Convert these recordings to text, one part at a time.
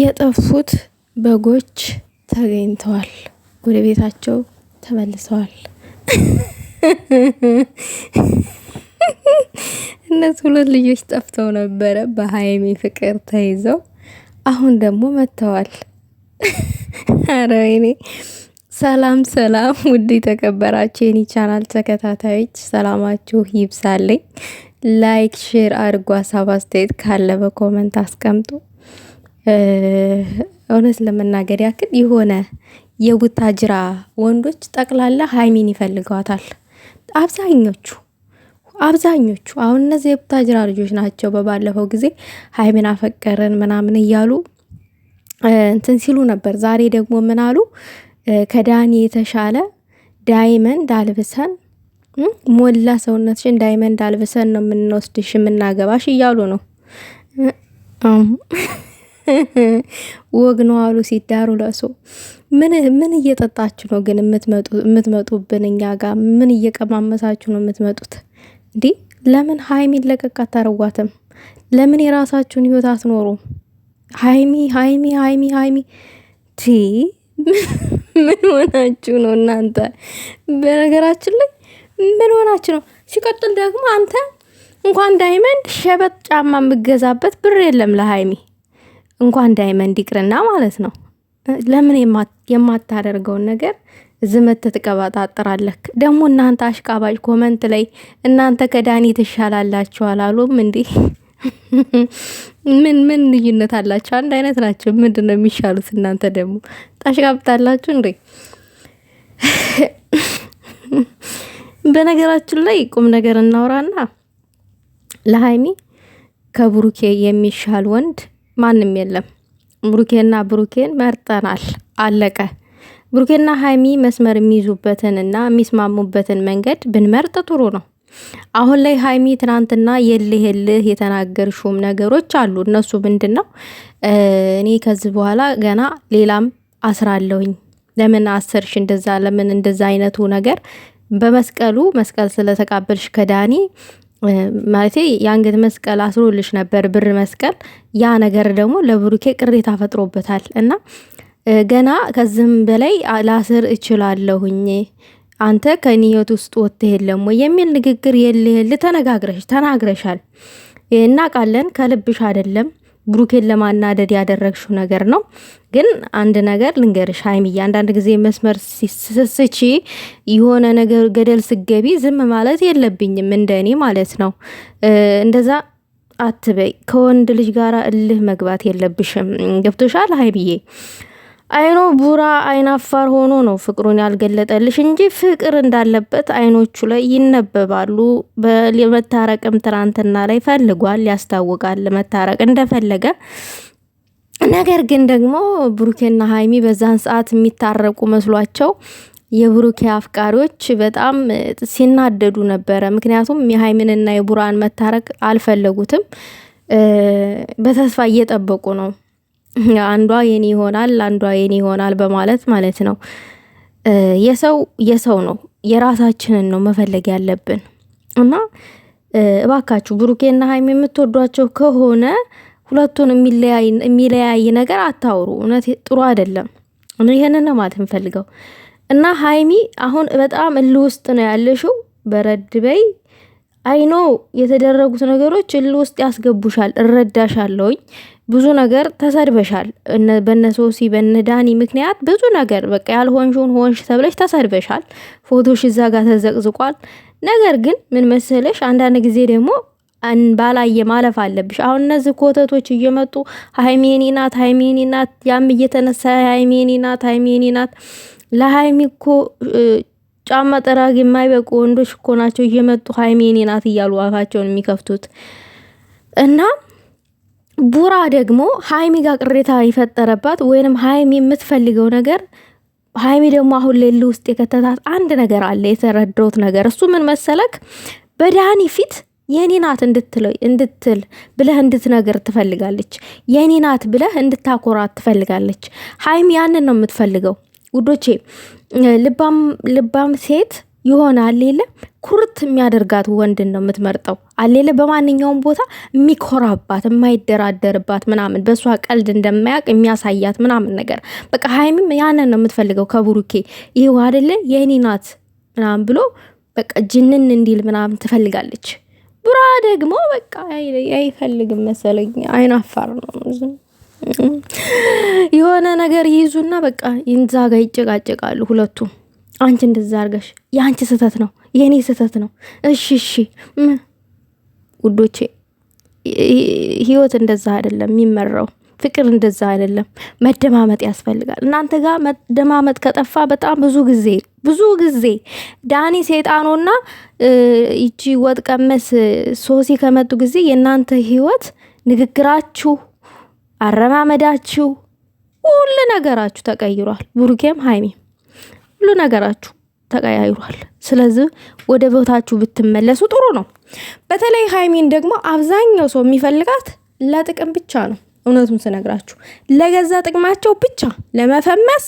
የጠፉት በጎች ተገኝተዋል፣ ወደ ቤታቸው ተመልሰዋል። እነዚህ ሁለት ልጆች ጠፍተው ነበረ በሀይሚ ፍቅር ተይዘው፣ አሁን ደግሞ መጥተዋል። አረ ወይኔ! ሰላም ሰላም! ውድ የተከበራችሁ የኔ ቻናል ተከታታዮች ሰላማችሁ ይብዛልኝ። ላይክ፣ ሼር አድርጎ ሀሳብ አስተያየት ካለ በኮመንት አስቀምጡ። እውነት ለመናገር ያክል የሆነ የቡታጅራ ወንዶች ጠቅላላ ሀይሚን ይፈልገዋታል። አብዛኞቹ አብዛኞቹ አሁን እነዚህ የቡታጅራ ልጆች ናቸው። በባለፈው ጊዜ ሀይሚን አፈቀርን ምናምን እያሉ እንትን ሲሉ ነበር። ዛሬ ደግሞ ምን አሉ? ከዳኒ የተሻለ ዳይመንድ አልብሰን ሞላ ሰውነትሽን ዳይመንድ አልብሰን ነው የምንወስድሽ የምናገባሽ እያሉ ነው። ወግ ነው አሉ ሲዳሩ ለሶ ምን ምን እየጠጣችሁ ነው ግን የምትመጡብን? እኛ ጋ ምን እየቀማመሳችሁ ነው የምትመጡት? እንዲህ ለምን ሀይሚን ለቀቅ አታረጓትም? ለምን የራሳችሁን ህይወት አትኖሩ? ሀይሚ ሀይሚ ሀይሚ ሀይሚ ቲ ምን ሆናችሁ ነው እናንተ? በነገራችን ላይ ምን ሆናችሁ ነው? ሲቀጥል ደግሞ አንተ እንኳን ዳይመንድ ሸበጥ ጫማ የምገዛበት ብር የለም ለሀይሚ እንኳን ዳይመንድ ይቅርና ማለት ነው። ለምን የማታደርገውን ነገር እዚህ መተህ ደግሞ እናንተ አሽቃባጭ ኮመንት ላይ እናንተ ከዳኒ ትሻላላችሁ አላሉም እንዴ? ምን ምን ልዩነት አላቸው? አንድ አይነት ናቸው። ምንድን ነው የሚሻሉት? እናንተ ደግሞ ታሽቃብጣላችሁ እንዴ? በነገራችን ላይ ቁም ነገር እናውራና ለሀይሚ ከብሩኬ የሚሻል ወንድ ማንም የለም። ብሩኬና ብሩኬን መርጠናል። አለቀ። ብሩኬና ሀይሚ መስመር የሚይዙበትን እና የሚስማሙበትን መንገድ ብንመርጥ ጥሩ ነው። አሁን ላይ ሀይሚ ትናንትና የልህ የልህ የተናገርሹም ነገሮች አሉ። እነሱ ምንድን ነው? እኔ ከዚህ በኋላ ገና ሌላም አስራለሁኝ። ለምን አስርሽ እንደዛ ለምን እንደዛ አይነቱ ነገር በመስቀሉ መስቀል ስለተቃበልሽ ከዳኒ ማለቴ የአንገት መስቀል አስሮልሽ ነበር ብር መስቀል። ያ ነገር ደግሞ ለብሩኬ ቅሬታ ፈጥሮበታል እና ገና ከዚህም በላይ ላስር እችላለሁኝ አንተ ከኔ ህይወት ውስጥ ወጥተህ ወይ የሚል ንግግር የልህል ተነጋግረሽ ተናግረሻል። እናቃለን ከልብሽ አይደለም። ብሩኬን ለማናደድ ያደረግሽው ነገር ነው። ግን አንድ ነገር ልንገርሽ ሀይሚዬ፣ አንዳንድ ጊዜ መስመር ስስቺ የሆነ ነገር ገደል ስገቢ ዝም ማለት የለብኝም እንደኔ ማለት ነው። እንደዛ አትበይ። ከወንድ ልጅ ጋር እልህ መግባት የለብሽም። ገብቶሻል ሀይሚዬ? አይኖ ቡራ አይናፋር ሆኖ ነው ፍቅሩን ያልገለጠልሽ እንጂ ፍቅር እንዳለበት አይኖቹ ላይ ይነበባሉ። ለመታረቅም ትናንትና ላይ ፈልጓል፣ ያስታውቃል ለመታረቅ እንደፈለገ ነገር ግን ደግሞ ብሩኬና ሀይሚ በዛን ሰዓት የሚታረቁ መስሏቸው የብሩኬ አፍቃሪዎች በጣም ሲናደዱ ነበረ። ምክንያቱም የሀይምንና የቡራን መታረቅ አልፈለጉትም፣ በተስፋ እየጠበቁ ነው። አንዷ የኔ ይሆናል፣ አንዷ የኔ ይሆናል በማለት ማለት ነው። የሰው የሰው ነው፣ የራሳችንን ነው መፈለግ ያለብን እና እባካችሁ ብሩኬና ሀይሚ የምትወዷቸው ከሆነ ሁለቱን የሚለያይ ነገር አታውሩ። እውነት ጥሩ አይደለም። ይህንን ነው ማለት የምፈልገው እና ሀይሚ አሁን በጣም እልህ ውስጥ ነው ያለሽው። በረድ በይ። አይኖ የተደረጉት ነገሮች እልህ ውስጥ ያስገቡሻል። እረዳሻለውኝ። ብዙ ነገር ተሰድበሻል። በነ ሶሲ በነ ዳኒ ምክንያት ብዙ ነገር በቃ ያልሆንሽውን ሆንሽ ተብለሽ ተሰድበሻል። ፎቶሽ እዛ ጋር ተዘቅዝቋል። ነገር ግን ምን መሰለሽ አንዳንድ ጊዜ ደግሞ ባላየ ማለፍ አለብሽ። አሁን እነዚህ ኮተቶች እየመጡ ሀይሜኒ ናት ሀይሜኒ ናት፣ ያም እየተነሳ ሀይሜኒ ናት ሀይሜኒ ናት። ለሀይሚ እኮ ጫማ ጠራግ የማይበቁ ወንዶች እኮ ናቸው እየመጡ ሀይሜኒ ናት እያሉ አፋቸውን የሚከፍቱት እና ቡራ ደግሞ ሀይሚ ጋር ቅሬታ የፈጠረባት ወይንም ሀይሚ የምትፈልገው ነገር ሀይሚ ደግሞ አሁን ሌሉ ውስጥ የከተታት አንድ ነገር አለ የተረድሮት ነገር እሱ ምን መሰለክ በዳኒ ፊት የኔ ናት እንድትል ብለህ እንድትነግር ትፈልጋለች። የኔ ናት ብለህ እንድታኮራት ትፈልጋለች። ሀይሚ ያንን ነው የምትፈልገው። ውዶቼ ልባም ልባም ሴት የሆነ አሌለ ኩርት የሚያደርጋት ወንድን ነው የምትመርጠው። አሌለ በማንኛውም ቦታ የሚኮራባት የማይደራደርባት ምናምን በእሷ ቀልድ እንደማያውቅ የሚያሳያት ምናምን ነገር በቃ ሀይሚም ያንን ነው የምትፈልገው ከብሩኬ። ይህ አደለ የእኔ ናት ምናምን ብሎ በቃ ጅንን እንዲል ምናምን ትፈልጋለች። ቡራ ደግሞ በቃ አይፈልግም መሰለኝ፣ አይናፋር ነው የሆነ ነገር ይይዙና በቃ ይንዛጋ ይጨቃጨቃሉ ሁለቱም። አንቺ እንደዛ አርገሽ የአንቺ ስህተት ነው፣ የእኔ ስህተት ነው። እሺ እሺ ውዶቼ፣ ህይወት እንደዛ አይደለም የሚመራው። ፍቅር እንደዛ አይደለም። መደማመጥ ያስፈልጋል። እናንተ ጋር መደማመጥ ከጠፋ በጣም ብዙ ጊዜ ብዙ ጊዜ ዳኒ ሴጣኖና ይቺ ወጥ ቀመስ ሶሲ ከመጡ ጊዜ የእናንተ ህይወት ንግግራችሁ፣ አረማመዳችሁ፣ ሁሉ ነገራችሁ ተቀይሯል። ብሩኬም ሀይሚ ሁሉ ነገራችሁ ተቀያይሯል። ስለዚህ ወደ ቦታችሁ ብትመለሱ ጥሩ ነው። በተለይ ሀይሚን ደግሞ አብዛኛው ሰው የሚፈልጋት ለጥቅም ብቻ ነው። እውነቱን ስነግራችሁ ለገዛ ጥቅማቸው ብቻ ለመፈመስ፣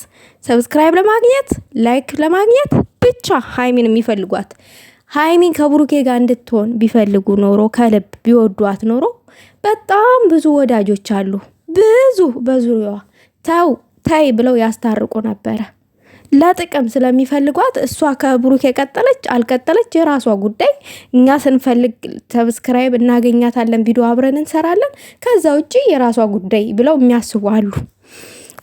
ሰብስክራይብ ለማግኘት፣ ላይክ ለማግኘት ብቻ ሀይሚን የሚፈልጓት። ሀይሚን ከብሩኬ ጋር እንድትሆን ቢፈልጉ ኖሮ ከልብ ቢወዷት ኖሮ በጣም ብዙ ወዳጆች አሉ፣ ብዙ በዙሪያዋ ተው ተይ ብለው ያስታርቁ ነበረ። ለጥቅም ስለሚፈልጓት እሷ ከብሩክ የቀጠለች አልቀጠለች የራሷ ጉዳይ። እኛ ስንፈልግ ሰብስክራይብ እናገኛታለን፣ ቪዲዮ አብረን እንሰራለን። ከዛ ውጭ የራሷ ጉዳይ ብለው የሚያስቡ አሉ።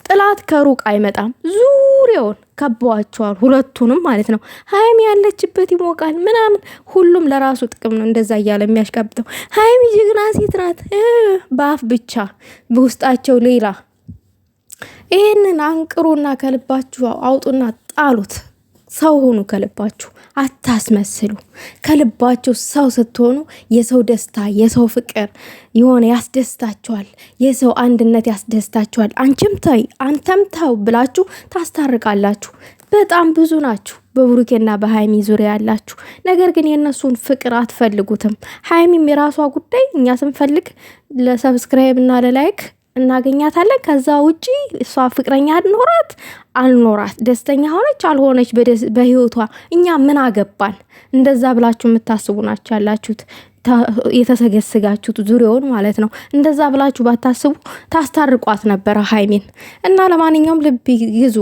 ጥላት ከሩቅ አይመጣም። ዙሪያውን ከበዋቸዋል፣ ሁለቱንም ማለት ነው። ሀይሚ ያለችበት ይሞቃል ምናምን፣ ሁሉም ለራሱ ጥቅም ነው እንደዛ እያለ የሚያሽቀብተው ሀይሚ ጀግና ሴት ናት፣ በአፍ ብቻ በውስጣቸው ሌላ ይህንን አንቅሩና ከልባችሁ አውጡና ጣሉት። ሰው ሆኑ ከልባችሁ አታስመስሉ። ከልባችሁ ሰው ስትሆኑ የሰው ደስታ፣ የሰው ፍቅር የሆነ ያስደስታችኋል። የሰው አንድነት ያስደስታችኋል። አንቺም ተይ አንተም ተው ብላችሁ ታስታርቃላችሁ። በጣም ብዙ ናችሁ በብሩኬና በሀይሚ ዙሪያ ያላችሁ። ነገር ግን የእነሱን ፍቅር አትፈልጉትም። ሀይሚም የራሷ ጉዳይ እኛ ስንፈልግ ለሰብስክራይብ እና ለላይክ እናገኛታለን። ከዛ ውጪ እሷ ፍቅረኛ ኖራት አልኖራት፣ ደስተኛ ሆነች አልሆነች፣ በህይወቷ እኛ ምን አገባን? እንደዛ ብላችሁ የምታስቡ ናቸው ያላችሁት የተሰገስጋችሁት ዙሪያውን ማለት ነው። እንደዛ ብላችሁ ባታስቡ ታስታርቋት ነበረ ሀይሚን እና ለማንኛውም ልብ ይዙ።